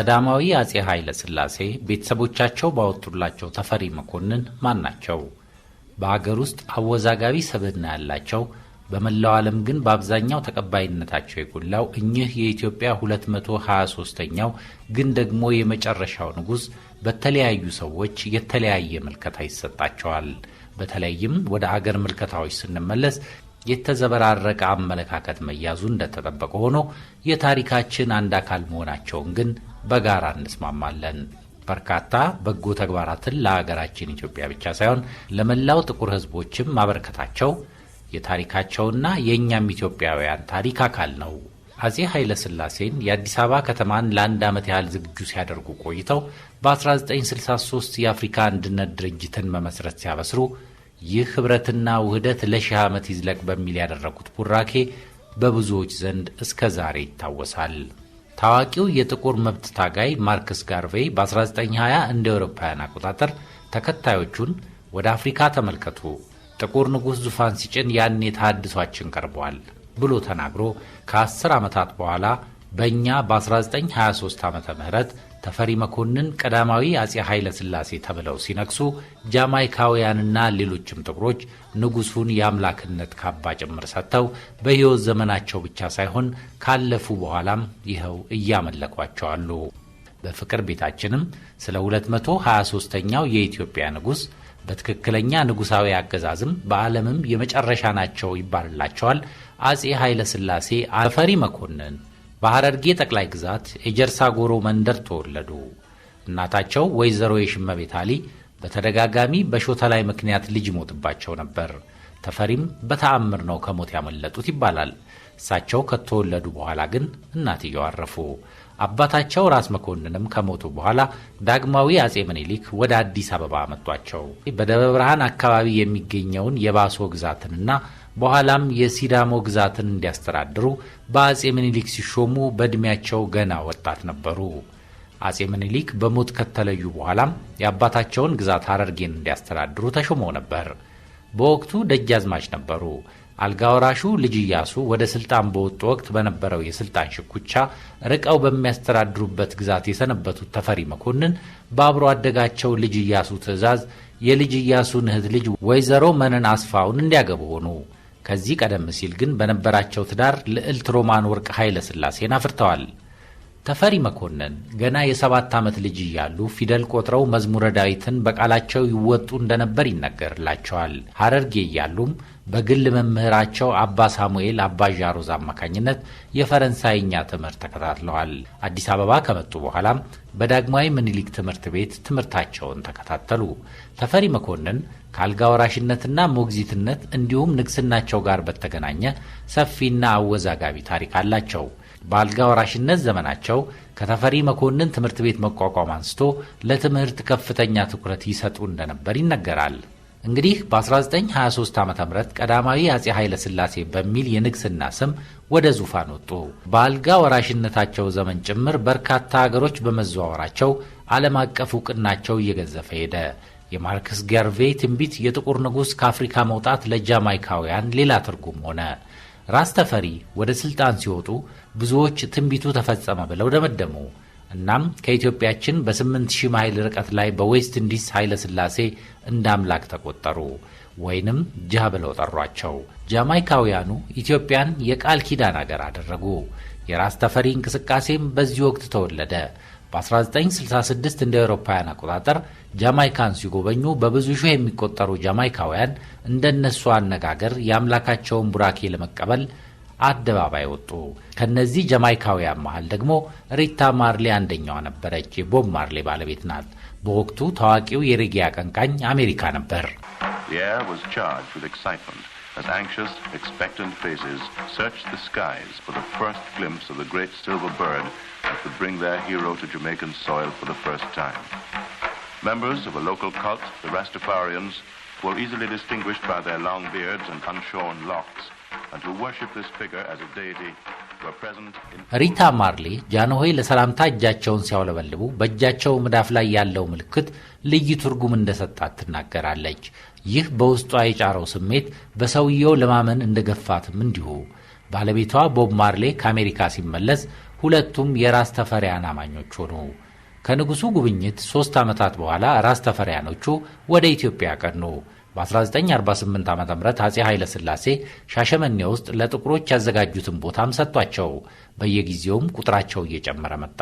ቀዳማዊ አጼ ኃይለ ሥላሴ ቤተሰቦቻቸው ባወጡላቸው ተፈሪ መኮንን ማን ናቸው? በአገር ውስጥ አወዛጋቢ ሰብዕና ያላቸው በመላው ዓለም ግን በአብዛኛው ተቀባይነታቸው የጎላው እኚህ የኢትዮጵያ 223ኛው ግን ደግሞ የመጨረሻው ንጉሥ በተለያዩ ሰዎች የተለያየ ምልከታ ይሰጣቸዋል። በተለይም ወደ አገር ምልከታዎች ስንመለስ የተዘበራረቀ አመለካከት መያዙ እንደተጠበቀ ሆኖ የታሪካችን አንድ አካል መሆናቸውን ግን በጋራ እንስማማለን። በርካታ በጎ ተግባራትን ለሀገራችን ኢትዮጵያ ብቻ ሳይሆን ለመላው ጥቁር ሕዝቦችም ማበረከታቸው የታሪካቸውና የእኛም ኢትዮጵያውያን ታሪክ አካል ነው። አጼ ኃይለ ሥላሴን የአዲስ አበባ ከተማን ለአንድ ዓመት ያህል ዝግጁ ሲያደርጉ ቆይተው በ1963 የአፍሪካ አንድነት ድርጅትን መመስረት ሲያበስሩ ይህ ኅብረትና ውህደት ለሺህ ዓመት ይዝለቅ በሚል ያደረጉት ቡራኬ በብዙዎች ዘንድ እስከ ዛሬ ይታወሳል። ታዋቂው የጥቁር መብት ታጋይ ማርክስ ጋርቬይ በ1920 እንደ አውሮፓውያን አቆጣጠር ተከታዮቹን ወደ አፍሪካ ተመልከቱ፣ ጥቁር ንጉሥ ዙፋን ሲጭን ያኔ ተሃድሷችን ቀርበዋል ብሎ ተናግሮ ከ10 ዓመታት በኋላ በእኛ በ1923 ዓ ም ተፈሪ መኮንን ቀዳማዊ አጼ ኃይለ ሥላሴ ተብለው ሲነግሱ ጃማይካውያንና ሌሎችም ጥቁሮች ንጉሱን የአምላክነት ካባ ጭምር ሰጥተው በሕይወት ዘመናቸው ብቻ ሳይሆን ካለፉ በኋላም ይኸው እያመለኳቸው አሉ። በፍቅር ቤታችንም ስለ 223ኛው የኢትዮጵያ ንጉሥ በትክክለኛ ንጉሳዊ አገዛዝም በዓለምም የመጨረሻ ናቸው ይባልላቸዋል አጼ ኃይለ ሥላሴ ተፈሪ መኮንን በሐረርጌ ጠቅላይ ግዛት የጀርሳ ጎሮ መንደር ተወለዱ። እናታቸው ወይዘሮ የሽመቤት አሊ በተደጋጋሚ በሾተ ላይ ምክንያት ልጅ ይሞትባቸው ነበር። ተፈሪም በተአምር ነው ከሞት ያመለጡት ይባላል። እሳቸው ከተወለዱ በኋላ ግን እናትየው አረፉ። አባታቸው ራስ መኮንንም ከሞቱ በኋላ ዳግማዊ አጼ ምኒልክ ወደ አዲስ አበባ መጧቸው። በደብረ ብርሃን አካባቢ የሚገኘውን የባሶ ግዛትንና በኋላም የሲዳሞ ግዛትን እንዲያስተዳድሩ በአጼ ምኒሊክ ሲሾሙ በዕድሜያቸው ገና ወጣት ነበሩ። አጼ ምኒሊክ በሞት ከተለዩ በኋላም የአባታቸውን ግዛት ሐረርጌን እንዲያስተዳድሩ ተሾመው ነበር። በወቅቱ ደጃዝማች ነበሩ። አልጋወራሹ ልጅ እያሱ ወደ ሥልጣን በወጡ ወቅት በነበረው የሥልጣን ሽኩቻ ርቀው በሚያስተዳድሩበት ግዛት የሰነበቱት ተፈሪ መኮንን በአብሮ አደጋቸው ልጅ እያሱ ትእዛዝ የልጅ እያሱን ንህት ልጅ ወይዘሮ መነን አስፋውን እንዲያገቡ ሆኑ። ከዚህ ቀደም ሲል ግን በነበራቸው ትዳር ልዕልት ሮማን ወርቅ ኃይለ ሥላሴን አፍርተዋል። ተፈሪ መኮንን ገና የሰባት ዓመት ልጅ እያሉ ፊደል ቆጥረው መዝሙረ ዳዊትን በቃላቸው ይወጡ እንደነበር ይነገርላቸዋል። ሐረርጌ እያሉም በግል መምህራቸው አባ ሳሙኤል አባ ዣሮዝ አማካኝነት የፈረንሳይኛ ትምህርት ተከታትለዋል። አዲስ አበባ ከመጡ በኋላም በዳግማዊ ምኒልክ ትምህርት ቤት ትምህርታቸውን ተከታተሉ። ተፈሪ መኮንን ከአልጋ ወራሽነትና ሞግዚትነት እንዲሁም ንግስናቸው ጋር በተገናኘ ሰፊና አወዛጋቢ ታሪክ አላቸው። በአልጋ ወራሽነት ዘመናቸው ከተፈሪ መኮንን ትምህርት ቤት መቋቋም አንስቶ ለትምህርት ከፍተኛ ትኩረት ይሰጡ እንደነበር ይነገራል። እንግዲህ በ1923 ዓ ም ቀዳማዊ አፄ ኃይለ ሥላሴ በሚል የንግሥና ስም ወደ ዙፋን ወጡ። በአልጋ ወራሽነታቸው ዘመን ጭምር በርካታ አገሮች በመዘዋወራቸው ዓለም አቀፍ ዕውቅናቸው እየገዘፈ ሄደ። የማርክስ ገርቬ ትንቢት የጥቁር ንጉሥ ከአፍሪካ መውጣት ለጃማይካውያን ሌላ ትርጉም ሆነ። ራስ ተፈሪ ወደ ሥልጣን ሲወጡ ብዙዎች ትንቢቱ ተፈጸመ ብለው ደመደሙ። እናም ከኢትዮጵያችን በ8000 ማይል ርቀት ላይ በዌስት ኢንዲስ ኃይለ ሥላሴ እንደ አምላክ ተቆጠሩ ወይንም ጃ ብለው ጠሯቸው። ጃማይካውያኑ ኢትዮጵያን የቃል ኪዳን አገር አደረጉ። የራስ ተፈሪ እንቅስቃሴም በዚህ ወቅት ተወለደ። በ1966 እንደ አውሮፓውያን አቆጣጠር ጃማይካን ሲጎበኙ በብዙ ሺህ የሚቆጠሩ ጃማይካውያን እንደነሱ አነጋገር የአምላካቸውን ቡራኬ ለመቀበል አደባባይ ወጡ። ከነዚህ ጀማይካውያን መሃል ደግሞ ሪታ ማርሌ አንደኛዋ ነበረች። የቦብ ማርሌ ባለቤት ናት። በወቅቱ ታዋቂው የሬጌ አቀንቃኝ አሜሪካ ነበር። Rastafarians were easily distinguished by their long beards and unshorn locks. ሪታ ማርሌ ጃንሆይ ለሰላምታ እጃቸውን ሲያውለበልቡ በእጃቸው መዳፍ ላይ ያለው ምልክት ልዩ ትርጉም እንደሰጣት ትናገራለች። ይህ በውስጧ የጫረው ስሜት በሰውየው ለማመን እንደገፋትም እንዲሁ። ባለቤቷ ቦብ ማርሌ ከአሜሪካ ሲመለስ ሁለቱም የራስ ተፈሪያን አማኞች ሆኑ። ከንጉሡ ጉብኝት ሦስት ዓመታት በኋላ ራስ ተፈሪያኖቹ ወደ ኢትዮጵያ ቀኑ። በ1948 ዓ ም አፄ ኃይለ ሥላሴ ሻሸመኔ ውስጥ ለጥቁሮች ያዘጋጁትን ቦታም ሰጥቷቸው በየጊዜውም ቁጥራቸው እየጨመረ መጣ።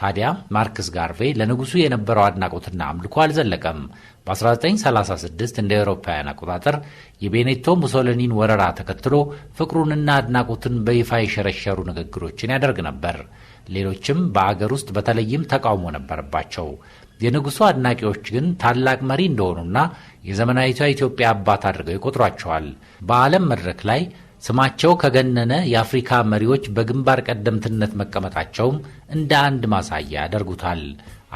ታዲያ ማርክስ ጋርቬ ለንጉሡ የነበረው አድናቆትና አምልኮ አልዘለቀም። በ1936 እንደ አውሮፓውያን አቆጣጠር የቤኔቶ ሙሶሊኒን ወረራ ተከትሎ ፍቅሩንና አድናቆትን በይፋ የሸረሸሩ ንግግሮችን ያደርግ ነበር። ሌሎችም በአገር ውስጥ በተለይም ተቃውሞ ነበረባቸው። የንጉሡ አድናቂዎች ግን ታላቅ መሪ እንደሆኑና የዘመናዊቷ ኢትዮጵያ አባት አድርገው ይቆጥሯቸዋል። በዓለም መድረክ ላይ ስማቸው ከገነነ የአፍሪካ መሪዎች በግንባር ቀደምትነት መቀመጣቸውም እንደ አንድ ማሳያ ያደርጉታል።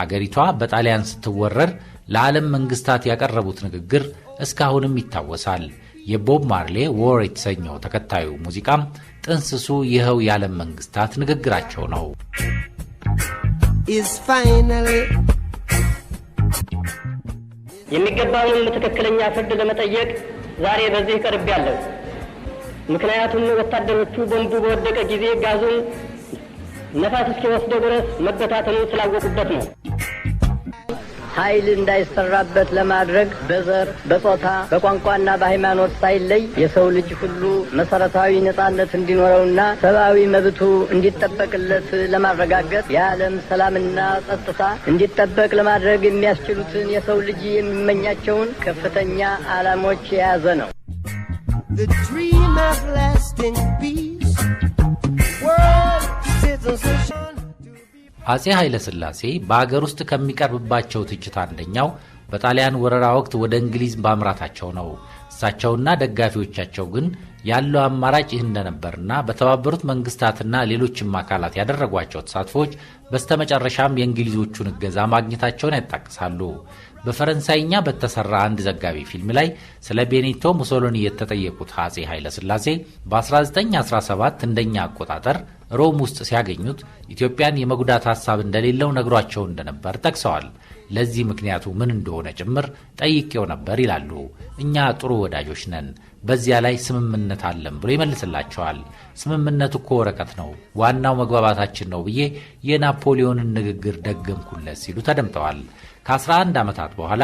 አገሪቷ በጣሊያን ስትወረር ለዓለም መንግስታት ያቀረቡት ንግግር እስካሁንም ይታወሳል። የቦብ ማርሌ ዎር የተሰኘው ተከታዩ ሙዚቃም ጥንስሱ ይኸው የዓለም መንግስታት ንግግራቸው ነው። የሚገባውንም ትክክለኛ ፍርድ ለመጠየቅ ዛሬ በዚህ ያለው ምክንያቱም ወታደሮቹ ቦምቡ በወደቀ ጊዜ ጋዙን ነፋስ እስኪወስደው ድረስ መበታተኑ ስላወቁበት ነው። ኃይል እንዳይሰራበት ለማድረግ በዘር በጾታ በቋንቋና በሃይማኖት ሳይለይ የሰው ልጅ ሁሉ መሰረታዊ ነጻነት እንዲኖረውና ሰብአዊ መብቱ እንዲጠበቅለት ለማረጋገጥ የዓለም ሰላምና ጸጥታ እንዲጠበቅ ለማድረግ የሚያስችሉትን የሰው ልጅ የሚመኛቸውን ከፍተኛ ዓላሞች የያዘ ነው። The dream of lasting peace. World citizenship. አጼ ሥላሴ በአገር ውስጥ ከሚቀርብባቸው ትችት አንደኛው በጣሊያን ወረራ ወቅት ወደ እንግሊዝ ማምራታቸው ነው። እሳቸውና ደጋፊዎቻቸው ግን ያለው አማራጭ ይህ እንደነበርና በተባበሩት መንግስታትና ሌሎችም አካላት ያደረጓቸው ተሳትፎች በስተመጨረሻም የእንግሊዞቹን እገዛ ማግኘታቸውን ያጣቅሳሉ። በፈረንሳይኛ በተሰራ አንድ ዘጋቢ ፊልም ላይ ስለ ቤኒቶ ሙሶሎኒ የተጠየቁት አጼ ሥላሴ በ1917 እንደኛ አቆጣጠር ሮም ውስጥ ሲያገኙት ኢትዮጵያን የመጉዳት ሐሳብ እንደሌለው ነግሯቸው እንደነበር ጠቅሰዋል። ለዚህ ምክንያቱ ምን እንደሆነ ጭምር ጠይቄው ነበር ይላሉ። እኛ ጥሩ ወዳጆች ነን፣ በዚያ ላይ ስምምነት አለን ብሎ ይመልስላቸዋል። ስምምነት እኮ ወረቀት ነው፣ ዋናው መግባባታችን ነው ብዬ የናፖሊዮንን ንግግር ደገምኩለት ሲሉ ተደምጠዋል። ከ11 ዓመታት በኋላ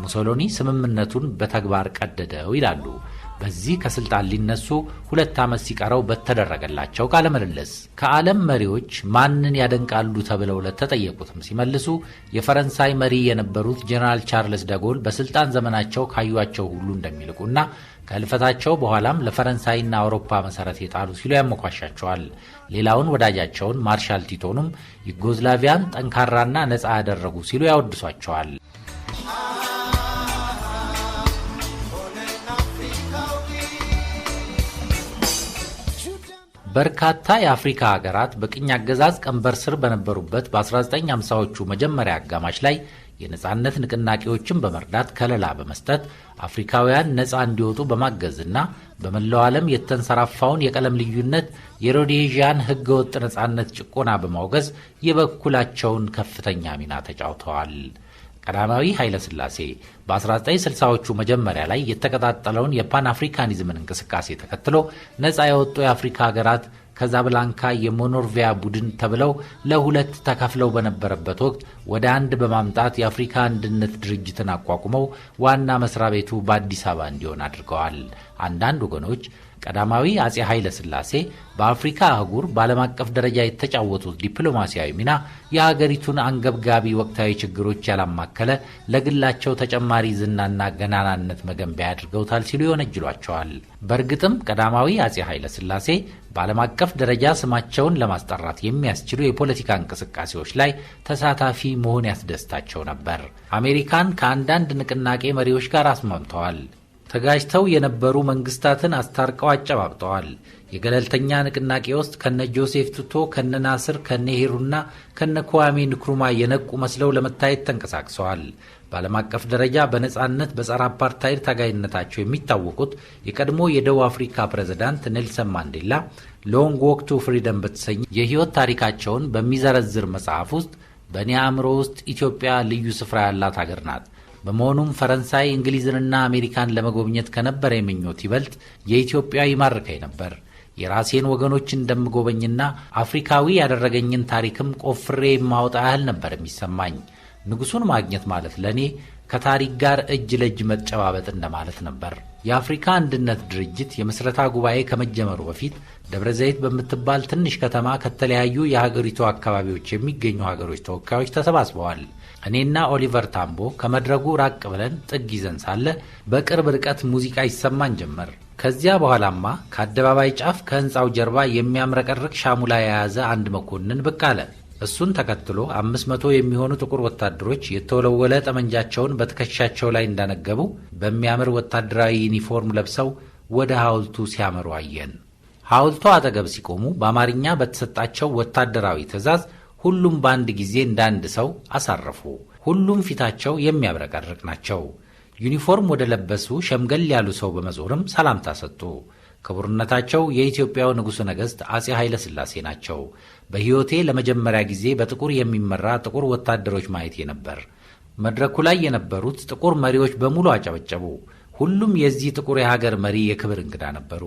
ሙሶሎኒ ስምምነቱን በተግባር ቀደደው ይላሉ በዚህ ከስልጣን ሊነሱ ሁለት ዓመት ሲቀረው በተደረገላቸው ቃለ ምልልስ ከዓለም መሪዎች ማንን ያደንቃሉ ተብለው ለተጠየቁትም ሲመልሱ የፈረንሳይ መሪ የነበሩት ጄኔራል ቻርልስ ደጎል በስልጣን ዘመናቸው ካዩቸው ሁሉ እንደሚልቁና ከህልፈታቸው በኋላም ለፈረንሳይና አውሮፓ መሰረት የጣሉ ሲሉ ያሞኳሻቸዋል። ሌላውን ወዳጃቸውን ማርሻል ቲቶንም ዩጎዝላቪያን ጠንካራና ነፃ ያደረጉ ሲሉ ያወድሷቸዋል። በርካታ የአፍሪካ ሀገራት በቅኝ አገዛዝ ቀንበር ስር በነበሩበት በ1950ዎቹ መጀመሪያ አጋማሽ ላይ የነፃነት ንቅናቄዎችን በመርዳት ከለላ በመስጠት አፍሪካውያን ነፃ እንዲወጡ በማገዝና በመላው ዓለም የተንሰራፋውን የቀለም ልዩነት የሮዴዥያን ህገወጥ ነፃነት ጭቆና በማውገዝ የበኩላቸውን ከፍተኛ ሚና ተጫውተዋል። ቀዳማዊ ኃይለ ሥላሴ በ1960ዎቹ መጀመሪያ ላይ የተቀጣጠለውን የፓን አፍሪካኒዝምን እንቅስቃሴ ተከትሎ ነፃ የወጡ የአፍሪካ ሀገራት ከዛብላንካ የሞኖርቪያ ቡድን ተብለው ለሁለት ተከፍለው በነበረበት ወቅት ወደ አንድ በማምጣት የአፍሪካ አንድነት ድርጅትን አቋቁመው ዋና መስሪያ ቤቱ በአዲስ አበባ እንዲሆን አድርገዋል። አንዳንድ ወገኖች ቀዳማዊ አጼ ኃይለ ሥላሴ በአፍሪካ አህጉር በዓለም አቀፍ ደረጃ የተጫወቱት ዲፕሎማሲያዊ ሚና የአገሪቱን አንገብጋቢ ወቅታዊ ችግሮች ያላማከለ ለግላቸው ተጨማሪ ዝናና ገናናነት መገንቢያ አድርገውታል ሲሉ ይወነጅሏቸዋል። በእርግጥም ቀዳማዊ አጼ ኃይለ ሥላሴ በዓለም አቀፍ ደረጃ ስማቸውን ለማስጠራት የሚያስችሉ የፖለቲካ እንቅስቃሴዎች ላይ ተሳታፊ መሆን ያስደስታቸው ነበር። አሜሪካን ከአንዳንድ ንቅናቄ መሪዎች ጋር አስማምተዋል። ተጋጅተው የነበሩ መንግስታትን አስታርቀው አጨባብጠዋል። የገለልተኛ ንቅናቄ ውስጥ ከነ ጆሴፍ ቱቶ፣ ከነ ናስር፣ ከነ ሄሩና ከነ ኩዋሜ ንክሩማ የነቁ መስለው ለመታየት ተንቀሳቅሰዋል። በዓለም አቀፍ ደረጃ በነፃነት በጸረ አፓርታይድ ታጋይነታቸው የሚታወቁት የቀድሞ የደቡብ አፍሪካ ፕሬዝዳንት ኔልሰን ማንዴላ ሎንግ ዎክ ቱ ፍሪደም በተሰኘ የሕይወት ታሪካቸውን በሚዘረዝር መጽሐፍ ውስጥ በእኔ አእምሮ ውስጥ ኢትዮጵያ ልዩ ስፍራ ያላት ሀገር ናት በመሆኑም ፈረንሳይ እንግሊዝንና አሜሪካን ለመጎብኘት ከነበረ የምኞት ይበልጥ የኢትዮጵያ ይማርከኝ ነበር። የራሴን ወገኖች እንደምጎበኝና አፍሪካዊ ያደረገኝን ታሪክም ቆፍሬ የማወጣ ያህል ነበር የሚሰማኝ። ንጉሱን ማግኘት ማለት ለእኔ ከታሪክ ጋር እጅ ለእጅ መጨባበጥ እንደማለት ነበር። የአፍሪካ አንድነት ድርጅት የምስረታ ጉባኤ ከመጀመሩ በፊት ደብረ ዘይት በምትባል ትንሽ ከተማ ከተለያዩ የሀገሪቱ አካባቢዎች የሚገኙ ሀገሮች ተወካዮች ተሰባስበዋል። እኔና ኦሊቨር ታምቦ ከመድረጉ ራቅ ብለን ጥግ ይዘን ሳለ በቅርብ ርቀት ሙዚቃ ይሰማን ጀመር። ከዚያ በኋላማ ከአደባባይ ጫፍ ከህንፃው ጀርባ የሚያምረቀርቅ ሻሙላ የያዘ አንድ መኮንን ብቅ አለ። እሱን ተከትሎ አምስት መቶ የሚሆኑ ጥቁር ወታደሮች የተወለወለ ጠመንጃቸውን በትከሻቸው ላይ እንዳነገቡ በሚያምር ወታደራዊ ዩኒፎርም ለብሰው ወደ ሐውልቱ ሲያመሩ አየን። ሐውልቱ አጠገብ ሲቆሙ በአማርኛ በተሰጣቸው ወታደራዊ ትዕዛዝ ሁሉም በአንድ ጊዜ እንዳንድ ሰው አሳረፉ። ሁሉም ፊታቸው የሚያብረቀርቅ ናቸው። ዩኒፎርም ወደ ለበሱ ሸምገል ያሉ ሰው በመዞርም ሰላምታ ሰጡ። ክቡርነታቸው የኢትዮጵያው ንጉሥ ነገሥት አጼ ኃይለ ሥላሴ ናቸው። በሕይወቴ ለመጀመሪያ ጊዜ በጥቁር የሚመራ ጥቁር ወታደሮች ማየቴ ነበር። መድረኩ ላይ የነበሩት ጥቁር መሪዎች በሙሉ አጨበጨቡ። ሁሉም የዚህ ጥቁር የሀገር መሪ የክብር እንግዳ ነበሩ።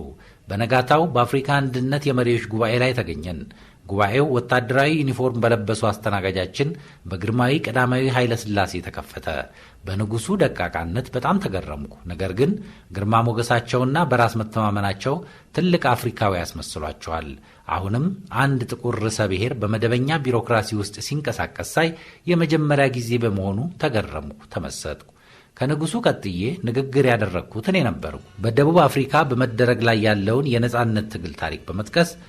በነጋታው በአፍሪካ አንድነት የመሪዎች ጉባኤ ላይ ተገኘን። ጉባኤው ወታደራዊ ዩኒፎርም በለበሱ አስተናጋጃችን በግርማዊ ቀዳማዊ ኃይለ ሥላሴ ተከፈተ። በንጉሡ ደቃቃነት በጣም ተገረምኩ። ነገር ግን ግርማ ሞገሳቸውና በራስ መተማመናቸው ትልቅ አፍሪካዊ ያስመስሏቸዋል። አሁንም አንድ ጥቁር ርዕሰ ብሔር በመደበኛ ቢሮክራሲ ውስጥ ሲንቀሳቀስ ሳይ የመጀመሪያ ጊዜ በመሆኑ ተገረምኩ፣ ተመሰጥኩ። ከንጉሡ ቀጥዬ ንግግር ያደረግኩት እኔ ነበርኩ። በደቡብ አፍሪካ በመደረግ ላይ ያለውን የነጻነት ትግል ታሪክ በመጥቀስ